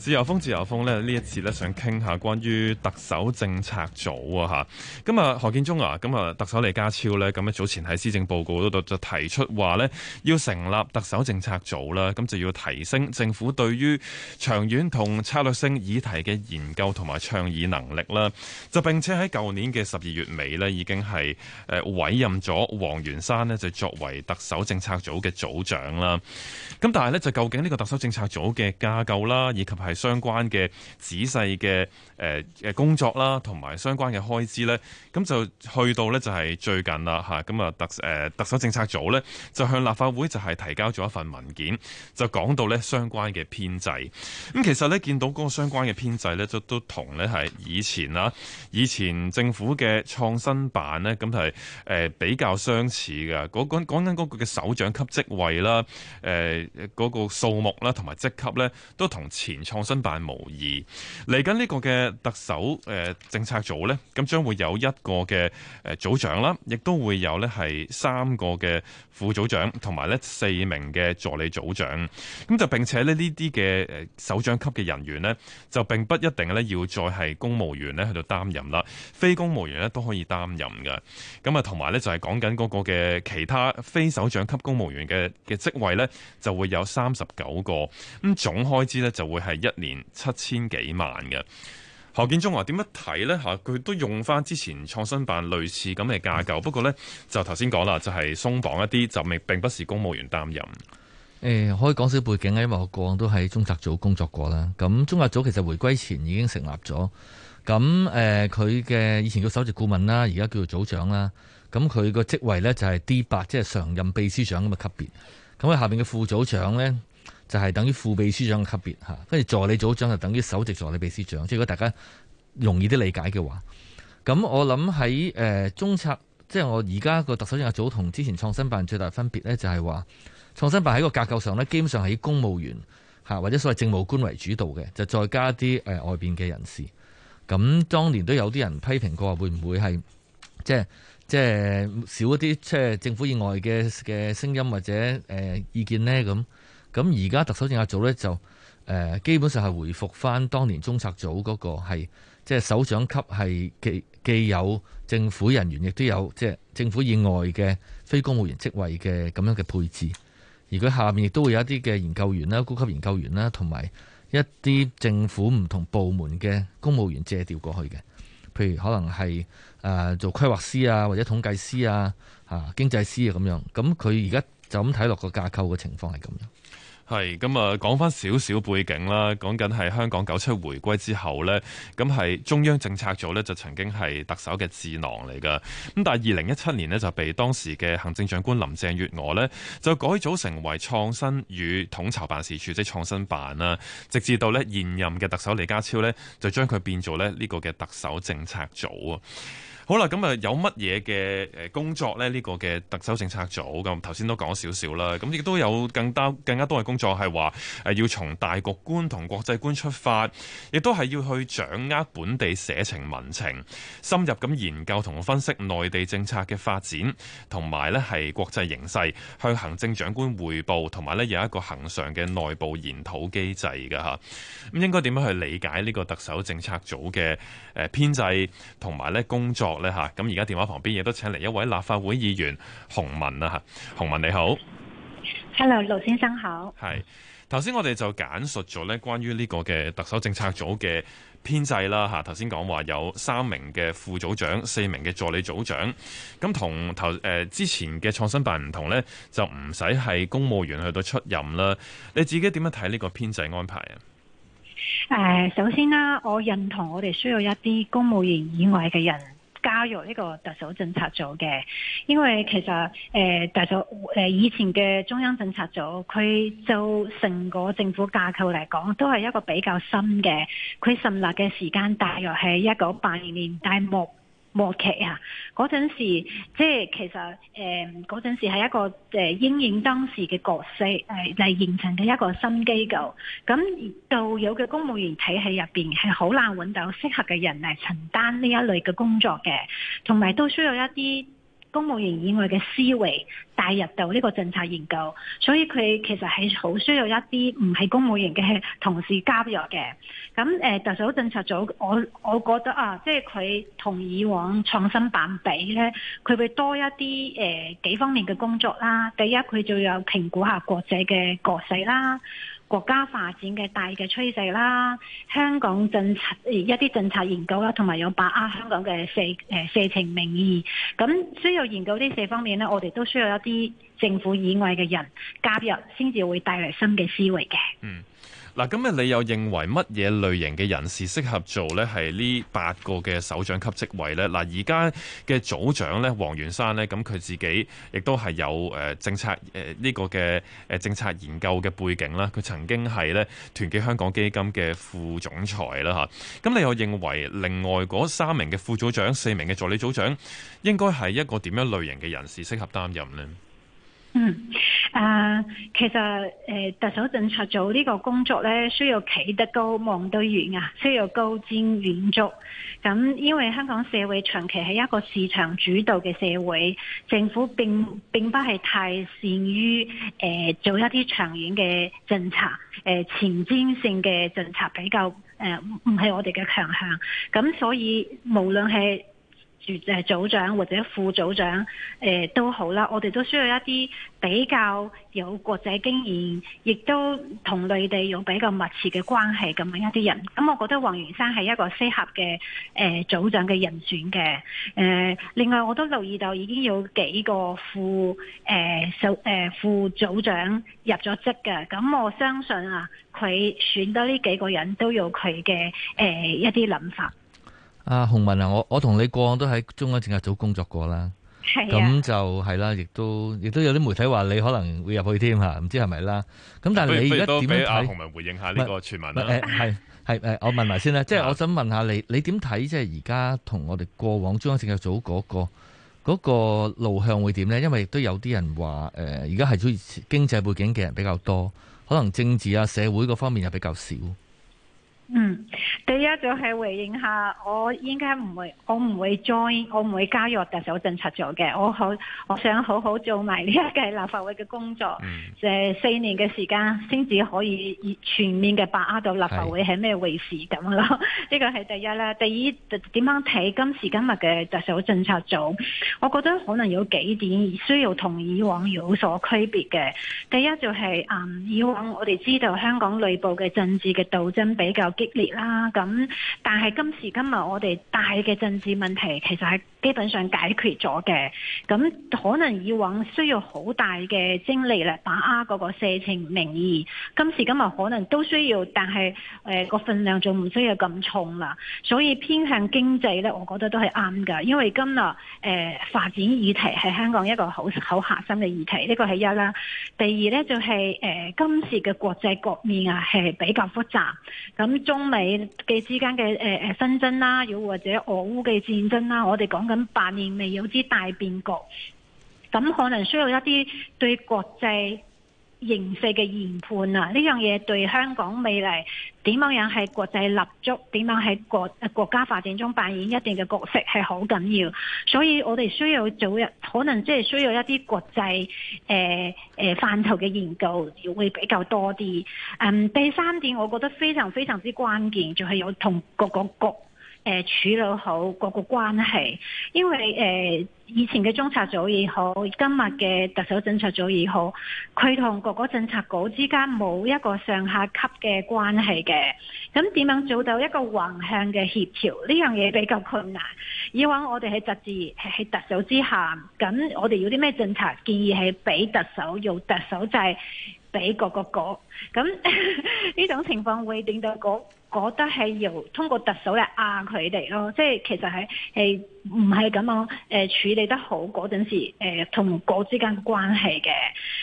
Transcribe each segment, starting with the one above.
自由風，自由風呢，呢一次呢，想傾下關於特首政策組啊，吓，咁啊何建宗啊，咁啊特首李家超呢，咁啊早前喺施政報告嗰度就提出話呢，要成立特首政策組啦，咁就要提升政府對於長遠同策略性議題嘅研究同埋倡議能力啦，就並且喺舊年嘅十二月尾呢，已經係誒委任咗黃元山呢，就作為特首政策組嘅組長啦，咁但係呢，就究竟呢個特首政策組嘅架構啦，以及係係相關嘅仔細嘅誒誒工作啦，同埋相關嘅開支咧，咁就去到咧就係最近啦吓，咁啊特誒特首政策組咧就向立法會就係提交咗一份文件，就講到咧相關嘅編制。咁其實咧見到嗰個相關嘅編制咧，都都同咧係以前啦，以前政府嘅創新辦咧，咁係誒比較相似嘅，嗰講講緊嗰個嘅首長級職位啦，誒嗰個數目啦，同埋職級咧，都同前創。創新辦無疑，嚟緊呢個嘅特首誒政策組呢，咁將會有一個嘅誒組長啦，亦都會有呢係三個嘅副組長，同埋呢四名嘅助理組長。咁就並且咧呢啲嘅誒首長級嘅人員呢，就並不一定呢要再係公務員呢喺度擔任啦，非公務員都可以擔任噶。咁啊，同埋呢就係講緊嗰個嘅其他非首長級公務員嘅嘅職位呢，就會有三十九個，咁總開支呢就會係一。一年七千幾萬嘅何建中話、啊：點樣睇呢？吓、啊，佢都用翻之前創新辦類似咁嘅架構，不過呢，就頭先講啦，就係鬆綁一啲，就未並不是公務員擔任。誒、欸，可以講少少背景，因為我過往都喺中策組工作過啦。咁中策組其實回歸前已經成立咗。咁誒，佢嘅以前嘅首席顧問啦，而家叫做組長啦。咁佢個職位呢，就係 D 八，即係常任秘書長咁嘅級別。咁佢下面嘅副組長呢。就係等於副秘書長嘅級別嚇，跟住助理組長就等於首席助理秘書長，即係如果大家容易啲理解嘅話，咁我諗喺誒中策，即、就、係、是、我而家個特首政策組同之前創新辦最大分別呢，就係、是、話創新辦喺個架構上呢，基本上係以公務員嚇或者所謂政務官為主導嘅，就再加啲誒、呃、外邊嘅人士。咁當年都有啲人批評過話會不會，會唔會係即係即係少一啲即係政府以外嘅嘅聲音或者誒、呃、意見呢？咁。咁而家特首政策組咧就誒基本上係回復翻當年中策組嗰個係即係首長級係既既有政府人員亦都有即係政府以外嘅非公務員職位嘅，咁樣嘅配置，而佢下面亦都會有一啲嘅研究員啦、高級研究員啦，同埋一啲政府唔同部門嘅公務員借調過去嘅，譬如可能係誒做規劃師啊或者統計師啊、啊經濟師啊咁樣，咁佢而家。就咁睇落個架構嘅情況係咁樣，係咁啊！講翻少少背景啦，講緊係香港九七回歸之後呢，咁係中央政策組呢，就曾經係特首嘅智囊嚟噶，咁但係二零一七年呢，就被當時嘅行政長官林鄭月娥呢，就改組成為創新與統籌辦事處，即創新辦啦。直至到呢現任嘅特首李家超呢，就將佢變做呢個嘅特首政策組啊。好啦，咁啊有乜嘢嘅誒工作咧？呢個嘅特首政策組，咁頭先都講少少啦，咁亦都有更加更加多嘅工作係話誒要從大局觀同國際觀出發，亦都係要去掌握本地社情民情，深入咁研究同分析內地政策嘅發展，同埋咧係國際形勢向行政長官匯報，同埋咧有一個恒常嘅內部研討機制嘅吓，咁應該點樣去理解呢個特首政策組嘅誒編制同埋咧工作？咧吓咁，而家電話旁邊亦都請嚟一位立法會議員洪雯啊。吓。洪雯你好，Hello，盧先生好。係頭先，我哋就簡述咗咧關於呢個嘅特首政策組嘅編制啦吓。頭先講話有三名嘅副組長，四名嘅助理組長。咁同頭誒之前嘅創新辦唔同咧，就唔使係公務員去到出任啦。你自己點樣睇呢個編制安排啊？誒，首先啦，我認同我哋需要一啲公務員以外嘅人。加入呢個特首政策組嘅，因為其實誒特首誒以前嘅中央政策組，佢就成個政府架構嚟講，都係一個比較新嘅，佢成立嘅時間大約係一九八零年代末末期啊，嗰陣時即係其實誒，嗰、呃、陣時係一個誒應、呃、應當時嘅角色，嚟、呃、形成嘅一個新機構。咁到有嘅公務員體系入邊係好難搵到適合嘅人嚟承擔呢一類嘅工作嘅，同埋都需要一啲。公務員以外嘅思維帶入到呢個政策研究，所以佢其實係好需要一啲唔係公務員嘅同事加入嘅。咁誒、呃、特首政策組，我我覺得啊，即係佢同以往創新辦比咧，佢會多一啲誒、呃、幾方面嘅工作啦。第一，佢仲有評估下國際嘅局勢啦。國家發展嘅大嘅趨勢啦，香港政策、呃、一啲政策研究啦，同埋有把握香港嘅社誒、呃、社情民意。咁需要研究呢四方面呢，我哋都需要一啲。政府以外嘅人加入才，先至會帶嚟新嘅思維嘅。嗯，嗱，咁你又認為乜嘢類型嘅人士適合做咧？係呢八個嘅首長級職位咧？嗱，而家嘅組長咧，黃元山咧，咁佢自己亦都係有誒政策誒呢、呃這個嘅誒政策研究嘅背景啦。佢曾經係咧團結香港基金嘅副總裁啦吓。咁你又認為另外嗰三名嘅副組長、四名嘅助理組長應該係一個點樣類型嘅人士適合擔任咧？嗯，誒、啊，其實誒、呃，特首政策組呢個工作咧，需要企得高望得遠啊，需要高瞻遠矚。咁、嗯、因為香港社會長期係一個市場主導嘅社會，政府並並不係太善於誒、呃、做一啲長遠嘅政策，誒、呃、前瞻性嘅政策比較誒唔係我哋嘅強項。咁、嗯、所以無論係住誒組長或者副組長誒、呃、都好啦，我哋都需要一啲比較有國際經驗，亦都同內地有比較密切嘅關係咁樣一啲人。咁、嗯、我覺得黃元山係一個適合嘅誒、呃、組長嘅人選嘅。誒、呃、另外我都留意到已經有幾個副誒首誒副組長入咗職嘅。咁、嗯、我相信啊，佢選得呢幾個人都有佢嘅誒一啲諗法。阿洪、啊、文啊，我我同你過往都喺中央政策組工作過啦，咁、啊、就係啦，亦都亦都有啲媒體話你可能會入去添吓，唔知係咪啦？咁但係你而家點樣睇？阿洪、啊看啊、文回應下呢個傳聞啦。係係、欸欸、我問埋先啦，即係 我想問下你，你點睇即係而家同我哋過往中央政策組嗰、那個、那個路向會點呢？因為亦都有啲人話誒，而家係中經濟背景嘅人比較多，可能政治啊、社會嗰方面又比較少。嗯，第一就係回應一下，我應該唔會，我唔會 join，我唔會加入特首政策組嘅。我好，我想好好做埋呢一屆立法會嘅工作，就係、嗯、四年嘅時間先至可以全面嘅把握到立法會係咩回事咁咯。呢個係第一啦。第二點樣睇今時今日嘅特首政策組，我覺得可能有幾點需要同以往有所區別嘅。第一就係、是、啊、嗯、以往我哋知道香港內部嘅政治嘅鬥爭比較。激烈啦，咁但係今時今日我哋大嘅政治問題其實係基本上解決咗嘅，咁可能以往需要好大嘅精力嚟把握嗰個社情民意，今時今日可能都需要，但係誒個分量就唔需要咁重啦，所以偏向經濟咧，我覺得都係啱噶，因為今日誒、呃、發展議題係香港一個好好核心嘅議題，呢、這個係一啦，第二咧就係、是、誒、呃、今時嘅國際局面啊係比較複雜，咁。中美嘅之間嘅誒誒紛爭啦，又、呃啊、或者俄烏嘅戰爭啦、啊，我哋講緊百年未有之大變局，咁可能需要一啲對國際形勢嘅研判啊，呢樣嘢對香港未來點樣樣喺國際立足，點樣喺國誒國家發展中扮演一定嘅角色係好緊要，所以我哋需要早日可能即係需要一啲國際誒誒、呃呃、範疇嘅研究會比較多啲。誒、嗯、第三點，我覺得非常非常之關鍵，就係、是、有同各個局。誒處理好各個關係，因為誒、呃、以前嘅中策組也好，今日嘅特首政策組也好，佢同各個政策局之間冇一個上下級嘅關係嘅，咁點樣做到一個橫向嘅協調？呢樣嘢比較困難，以往我哋喺特制，喺特首之下，咁我哋要啲咩政策建議係俾特首用特首制。俾個個局，咁呢種情況會令到個個都係由通過特首嚟壓佢哋咯，即係其實係係唔係咁樣誒、呃、處理得好嗰陣時，同、呃、局之間關係嘅，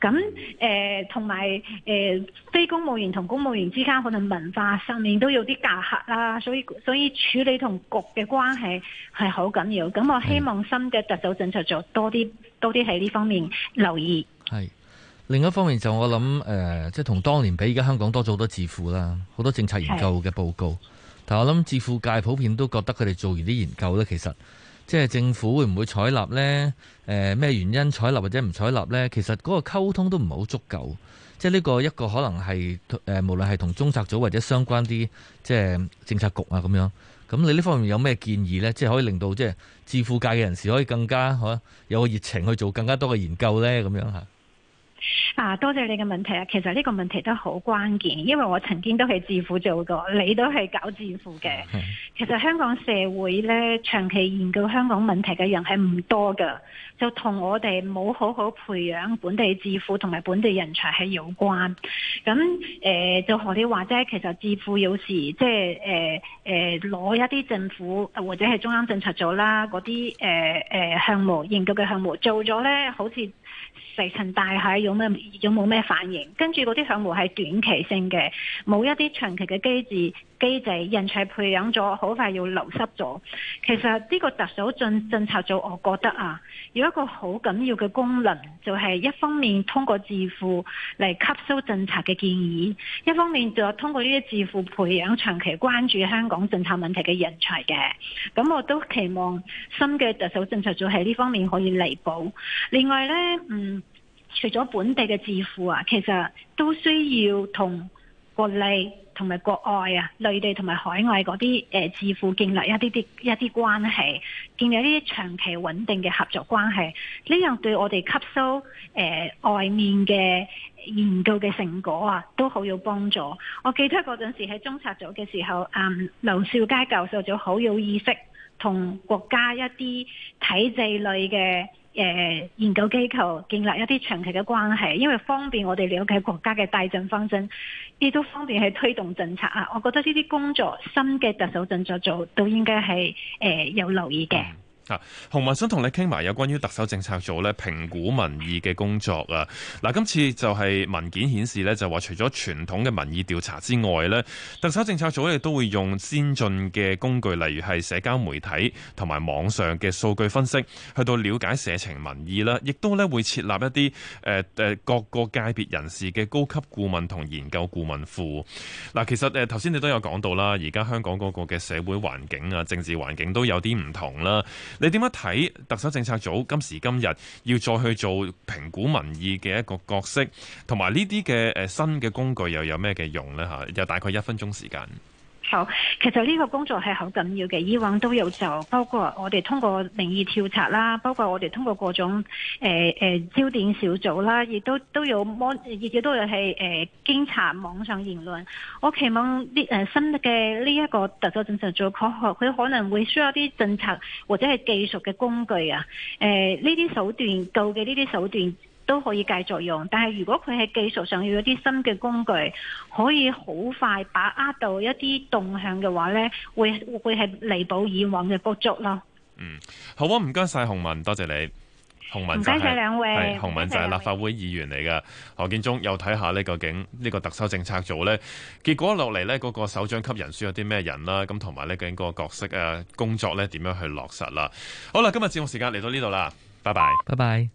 咁同埋誒非公務員同公務員之間可能文化上面都有啲隔閡啦，所以所以處理同局嘅關係係好緊要，咁我希望新嘅特首政策就多啲多啲喺呢方面留意。係。另一方面就我諗，誒、呃、即係同當年比，而家香港多咗好多智庫啦，好多政策研究嘅報告。是但我諗智庫界普遍都覺得佢哋做完啲研究咧，其實即係政府會唔會採納呢？誒咩原因採納或者唔採納呢？其實嗰、呃、個溝通都唔係好足夠，即係呢個一個可能係誒、呃，無論係同中策組或者相關啲即係政策局啊咁樣。咁你呢方面有咩建議呢？即係可以令到即係智庫界嘅人士可以更加有個熱情去做更加多嘅研究呢？咁樣嚇啊，多謝你嘅問題啊！其實呢個問題都好關鍵，因為我曾經都係智庫做過，你都係搞智庫嘅。其實香港社會呢，長期研究香港問題嘅人係唔多㗎，就同我哋冇好好培養本地智庫同埋本地人才係有關。咁誒、呃，就學你話齋，其實智庫有時即係誒誒，攞、呃呃、一啲政府或者係中央政策組啦，嗰啲誒誒項目研究嘅項目做咗呢，好似。石沉大海有、有咩有冇咩反應？跟住嗰啲項目係短期性嘅，冇一啲長期嘅機制機制、人才培養咗，好快要流失咗。其實呢個特首政政策組，我覺得啊。有一個好緊要嘅功能，就係、是、一方面通過智庫嚟吸收政策嘅建議，一方面就係通過呢啲智庫培養長期關注香港政策問題嘅人才嘅。咁我都期望新嘅特首政策組喺呢方面可以彌補。另外呢，嗯，除咗本地嘅智庫啊，其實都需要同國內，同埋國外啊、內地同埋海外嗰啲誒致富建立一啲啲一啲關係，建立一啲長期穩定嘅合作關係，呢樣對我哋吸收誒、呃、外面嘅研究嘅成果啊，都好有幫助。我記得嗰陣時喺中策組嘅時候，嗯，劉兆佳教授就好有意識同國家一啲體制類嘅。誒，研究機構建立一啲長期嘅關係，因為方便我哋了解國家嘅大政方針，亦都方便去推動政策啊！我覺得呢啲工作新嘅特首政策組，都應該係誒有留意嘅。啊，洪雯想同你傾埋有關於特首政策組咧，評估民意嘅工作啊！嗱，今次就係文件顯示咧，就話除咗傳統嘅民意調查之外咧，特首政策組亦都會用先進嘅工具，例如係社交媒體同埋網上嘅數據分析，去到了解社情民意啦，亦都咧會設立一啲誒誒各個界別人士嘅高級顧問同研究顧問庫。嗱，其實誒頭先你都有講到啦，而家香港嗰個嘅社會環境啊、政治環境都有啲唔同啦。你點樣睇特首政策組今時今日要再去做評估民意嘅一個角色，同埋呢啲嘅誒新嘅工具又有咩嘅用呢？嚇，有大概一分鐘時間。好，其實呢個工作係好緊要嘅，以往都有就包括我哋通過民意調查啦，包括我哋通，通過各種誒誒焦點小組啦，亦都都有摸，亦都係監察網上言論。我期望、呃、新嘅呢一個特首政策組科學，佢可能會需要啲政策或者係技術嘅工具啊，誒呢啲手段，舊嘅呢啲手段，都可以繼續用，但係如果佢喺技術上要有一啲新嘅工具，可以好快把握到一啲動向嘅話呢，會會係彌補以往嘅不足咯。嗯，好啊，唔該晒洪雯，多謝你，洪雯就係。唔該曬兩位，洪雯就係立法會議員嚟㗎。謝謝何建忠，又睇下咧，究竟呢個特首政策組呢，結果落嚟呢嗰、嗰個首長級人選有啲咩人啦？咁同埋呢究竟個角色啊，工作呢點樣去落實啦？好啦，今日節目時間嚟到呢度啦，拜拜，拜拜。